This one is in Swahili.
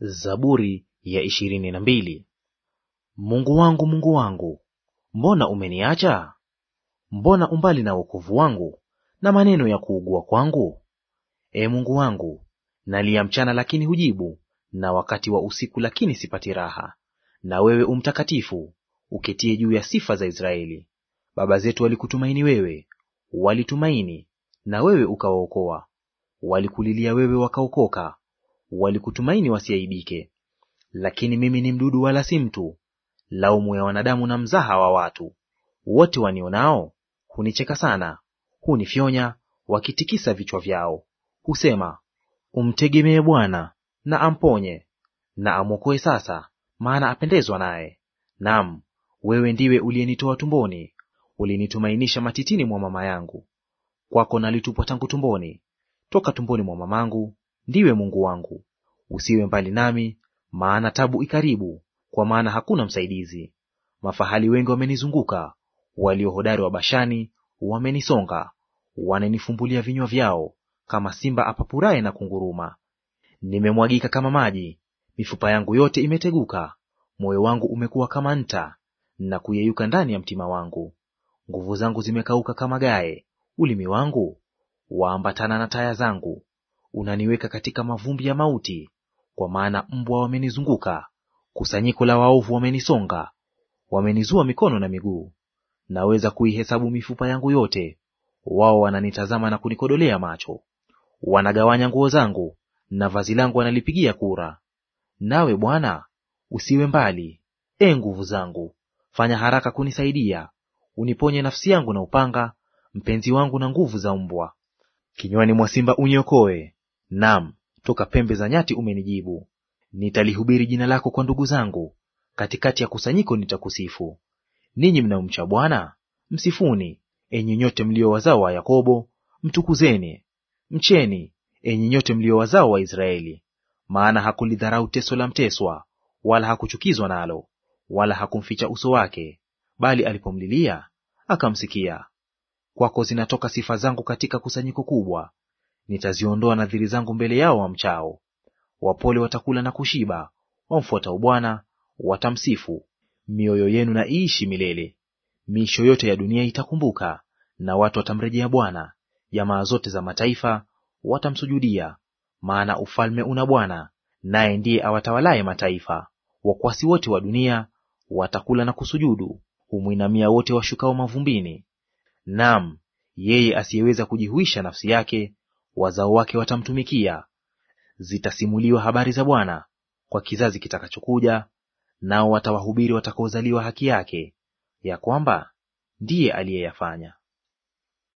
Zaburi ya ishirini na mbili. Mungu wangu, Mungu wangu, mbona umeniacha? Mbona umbali na wokovu wangu na maneno ya kuugua kwangu? E Mungu wangu, nalia mchana lakini hujibu, na wakati wa usiku lakini sipati raha. Na wewe umtakatifu, uketie juu ya sifa za Israeli. Baba zetu walikutumaini wewe, walitumaini na wewe ukawaokoa. Walikulilia wewe wakaokoka, walikutumaini wasiaibike. Lakini mimi ni mdudu wala si mtu, laumu ya wanadamu na mzaha wa watu. Wote wanionao hunicheka sana, hunifyonya wakitikisa vichwa vyao. Husema, umtegemee Bwana na amponye, na amwokoe sasa, maana apendezwa naye. Naam, wewe ndiwe uliyenitoa tumboni, ulinitumainisha matitini mwa mama yangu. Kwako nalitupwa tangu tumboni, toka tumboni mwa mamangu Ndiwe Mungu wangu, usiwe mbali nami, maana tabu ikaribu, kwa maana hakuna msaidizi. Mafahali wengi wamenizunguka, walio hodari wa Bashani wamenisonga, wananifumbulia vinywa vyao, kama simba apapuraye na kunguruma. Nimemwagika kama maji, mifupa yangu yote imeteguka, moyo wangu umekuwa kama nta na kuyeyuka ndani ya mtima wangu. Nguvu zangu zimekauka kama gae, ulimi wangu waambatana na taya zangu, unaniweka katika mavumbi ya mauti, kwa maana mbwa wamenizunguka, kusanyiko la waovu wamenisonga, wamenizua mikono na miguu. Naweza kuihesabu mifupa yangu yote. Wao wananitazama na kunikodolea macho, wanagawanya nguo zangu, na vazi langu wanalipigia kura. Nawe Bwana, usiwe mbali. E nguvu zangu, fanya haraka kunisaidia. Uniponye nafsi yangu na upanga, mpenzi wangu na nguvu za mbwa. Kinywani mwa simba uniokoe, Naam, toka pembe za nyati umenijibu. Nitalihubiri jina lako kwa ndugu zangu, katikati ya kusanyiko nitakusifu. Ninyi mnaomcha Bwana msifuni, enyi nyote mlio wazao wa Yakobo mtukuzeni. Mcheni, enyi nyote mlio wazao wa Israeli, maana hakulidharau teso la mteswa, wala hakuchukizwa nalo, wala hakumficha uso wake, bali alipomlilia akamsikia. Kwako zinatoka sifa zangu katika kusanyiko kubwa, Nitaziondoa nadhiri zangu mbele yao wamchao. Wapole watakula na kushiba, wamfuatao Bwana watamsifu. Mioyo yenu na iishi milele. Miisho yote ya dunia itakumbuka, na watu watamrejea Bwana. Jamaa zote za mataifa watamsujudia, maana ufalme una Bwana, naye ndiye awatawalaye mataifa. Wakwasi wote wa dunia watakula na kusujudu, humwinamia wote washukao mavumbini. Naam, yeye asiyeweza kujihuisha nafsi yake wazao wake watamtumikia. Zitasimuliwa habari za Bwana kwa kizazi kitakachokuja, nao watawahubiri watakaozaliwa haki yake, ya kwamba ndiye aliyeyafanya.